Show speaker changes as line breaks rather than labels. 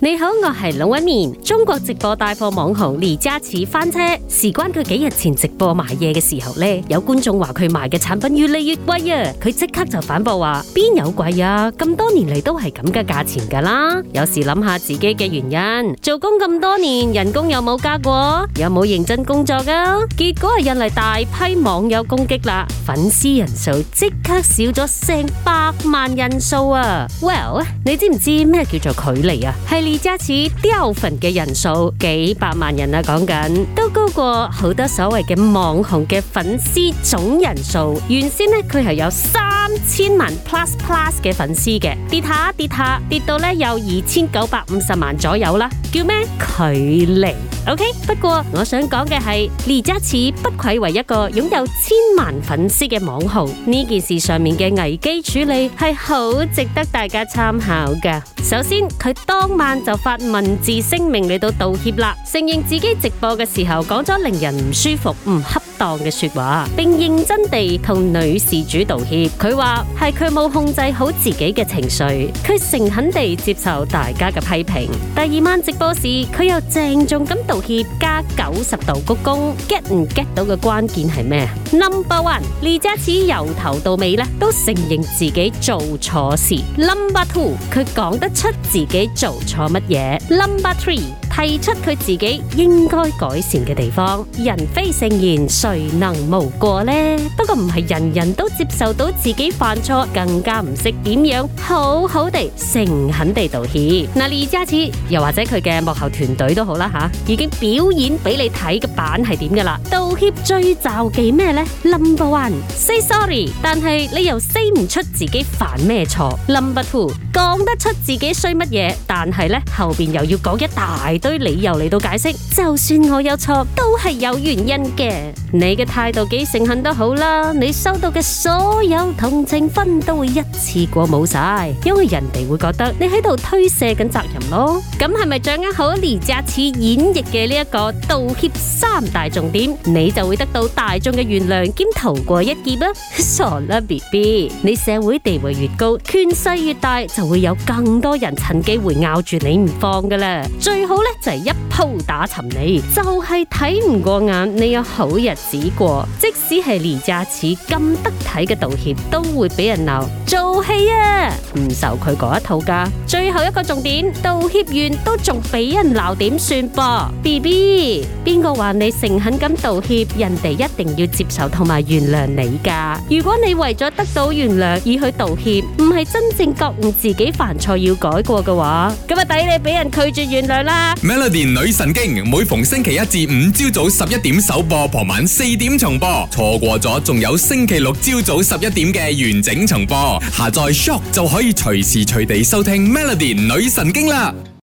你好，我係龍紋敏，中國直播帶貨網紅李佳琦翻車，事關佢幾日前直播賣嘢嘅時候呢，有觀眾話佢賣嘅產品越嚟越貴啊，佢即刻就反駁話邊有貴啊，咁多年嚟都係咁嘅價錢噶啦，有時諗下自己嘅原因，做工咁多年，人工又冇加過，有冇認真工作噶、啊？結果係引嚟大批網友攻擊啦，粉絲人數即刻少咗成百萬人數啊！Well，你知唔知咩叫做距離啊？係。而家似掉粉嘅人數幾百萬人啊，講緊都高過好多所謂嘅網紅嘅粉絲總人數。原先咧佢係有三千萬 plus plus 嘅粉絲嘅，跌下跌下跌到咧有二千九百五十萬左右啦。叫咩？距離 OK，不過我想講嘅係，李嘉慈不愧為一個擁有千萬粉絲嘅網紅，呢件事上面嘅危機處理係好值得大家參考嘅。首先，佢當晚就發文字聲明嚟到道歉啦，承認自己直播嘅時候講咗令人唔舒服、唔恰當嘅說話，並認真地同女事主道歉。佢話係佢冇控制好自己嘅情緒，佢誠懇地接受大家嘅批評。第二晚直播時，佢又鄭重咁道歉加九十度鞠躬。get 唔 get 到嘅關鍵係咩？Number one，李佳琦由頭到尾咧都承認自己做錯事。Number two，佢講得出自己做錯乜嘢。Number three。提出佢自己應該改善嘅地方，人非聖賢，誰能無過呢？不過唔係人人都接受到自己犯錯，更加唔識點樣好好地誠懇地道歉。嗱，呢一次又或者佢嘅幕後團隊都好啦吓，已經表演俾你睇嘅版係點㗎啦。道歉最罩忌咩呢？Number one，say sorry，但係你又 say 唔出自己犯咩錯。Number two。講得出自己衰乜嘢，但係呢後邊又要講一大堆理由嚟到解釋，就算我有錯都係有原因嘅。你嘅態度幾誠懇都好啦，你收到嘅所有同情分都會一次過冇晒，因為人哋會覺得你喺度推卸緊責任咯。咁係咪掌握好呢一次演繹嘅呢一個道歉三大重點，你就會得到大眾嘅原諒兼逃過一劫啊？傻啦，BB，你社會地位越高，權勢越大就。會有更多人趁機會咬住你唔放噶啦，最好咧就係、是、一鋪打沉你，就係睇唔過眼你有好日子過，即使係連渣似咁得體嘅道歉都會俾人鬧，做戲啊，唔受佢嗰一套噶。最後一個重點，道歉完都仲俾人鬧點算噃？B B 邊個話你誠懇咁道歉，人哋一定要接受同埋原諒你噶？如果你為咗得到原諒而去道歉，唔係真正覺悟自己。幾犯錯要改過嘅話，咁啊抵你俾人拒絕原諒啦！Melody 女神經每逢星期一至五朝早十一點首播，傍晚四點重播，錯過咗仲有星期六朝早十一點嘅完整重播。下載 Shock 就可以隨時隨地收聽 Melody 女神經啦！